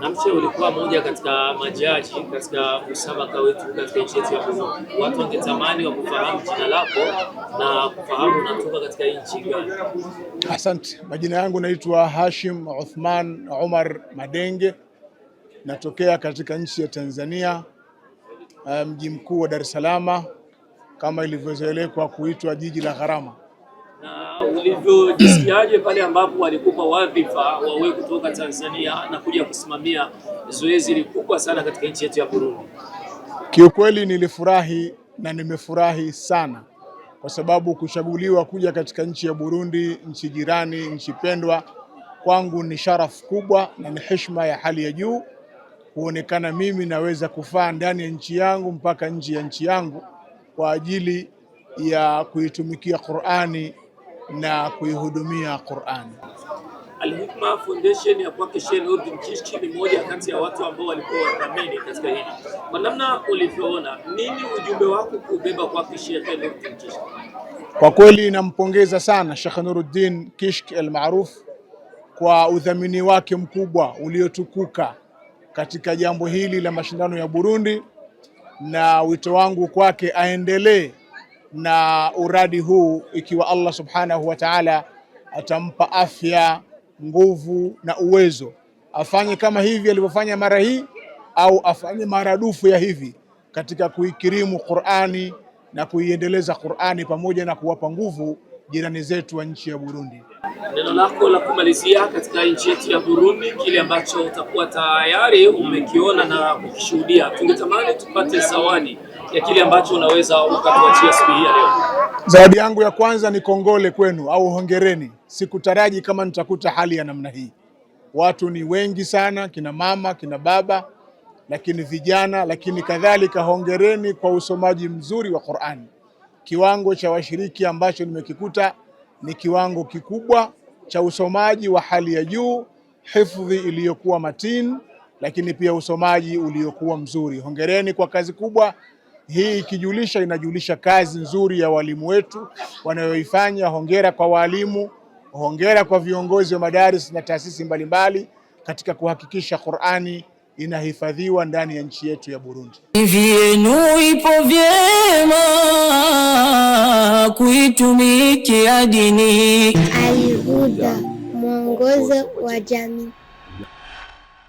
Namche ulikuwa moja katika majaji katika musabaka wetu katika nchi yetu ya Burundi. Watu wangetamani wa kufahamu jina lako na kufahamu unatoka katika nchi gani. Asante. Majina yangu naitwa Hashim Uthman Omar Madenge, natokea katika nchi ya Tanzania, eh, mji mkuu wa Dar es Salaam, kama ilivyozoelekwa kuitwa jiji la gharama ulivyojisikiaje pale ambapo walikupa wadhifa wa wewe kutoka Tanzania na kuja kusimamia zoezi likubwa sana katika nchi yetu ya Burundi? Kiukweli nilifurahi na nimefurahi sana kwa sababu kuchaguliwa kuja katika nchi ya Burundi, nchi jirani, nchi pendwa, kwangu ni sharafu kubwa na ni heshima ya hali ya juu kuonekana mimi naweza kufaa ndani ya nchi yangu mpaka nje ya nchi yangu kwa ajili ya kuitumikia Qur'ani na kuihudumia Qur'an. Al-Hikma Foundation ya kwake Sheikh Nurdin Kishki ni moja kati ya watu ambao walikuwa wadhamini katika hili. Kwa namna ulivyoona, nini ujumbe wako kubeba kwake Sheikh Nurdin Kishki? Kwa kweli nampongeza sana Sheikh Nuruddin Kishki al-Maruf kwa udhamini wake mkubwa uliotukuka katika jambo hili la mashindano ya Burundi, na wito wangu kwake aendelee na uradi huu, ikiwa Allah subhanahu wa ta'ala atampa afya, nguvu na uwezo, afanye kama hivi alivyofanya mara hii au afanye maradufu ya hivi katika kuikirimu Qur'ani na kuiendeleza Qur'ani pamoja na kuwapa nguvu jirani zetu wa nchi ya Burundi. Neno lako la kumalizia katika nchi yetu ya Burundi, kile ambacho utakuwa tayari umekiona na kukishuhudia, tungetamani tupate sawani ya kile ambacho unaweza ukatuachia siku hii ya leo? Zawadi yangu ya kwanza ni kongole kwenu au hongereni. Sikutaraji kama nitakuta hali ya namna hii. Watu ni wengi sana, kina mama, kina baba, lakini vijana, lakini kadhalika. Hongereni kwa usomaji mzuri wa Qur'an. Kiwango cha washiriki ambacho nimekikuta ni kiwango kikubwa cha usomaji wa hali ya juu, hifdhi iliyokuwa matin, lakini pia usomaji uliokuwa mzuri. Hongereni kwa kazi kubwa hii ikijulisha inajulisha kazi nzuri ya walimu wetu wanayoifanya. Hongera kwa walimu, hongera kwa viongozi wa madaris na taasisi mbalimbali katika kuhakikisha Qur'ani inahifadhiwa ndani ya nchi yetu ya Burundi. Vyenu ipo vyema kuitumikia dini. Alhuda, mwongozo wa jamii.